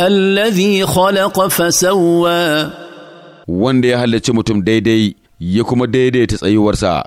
الذي خلق فسوى wanda ya halarci mutum daidai ya kuma daidaita tsayuwarsa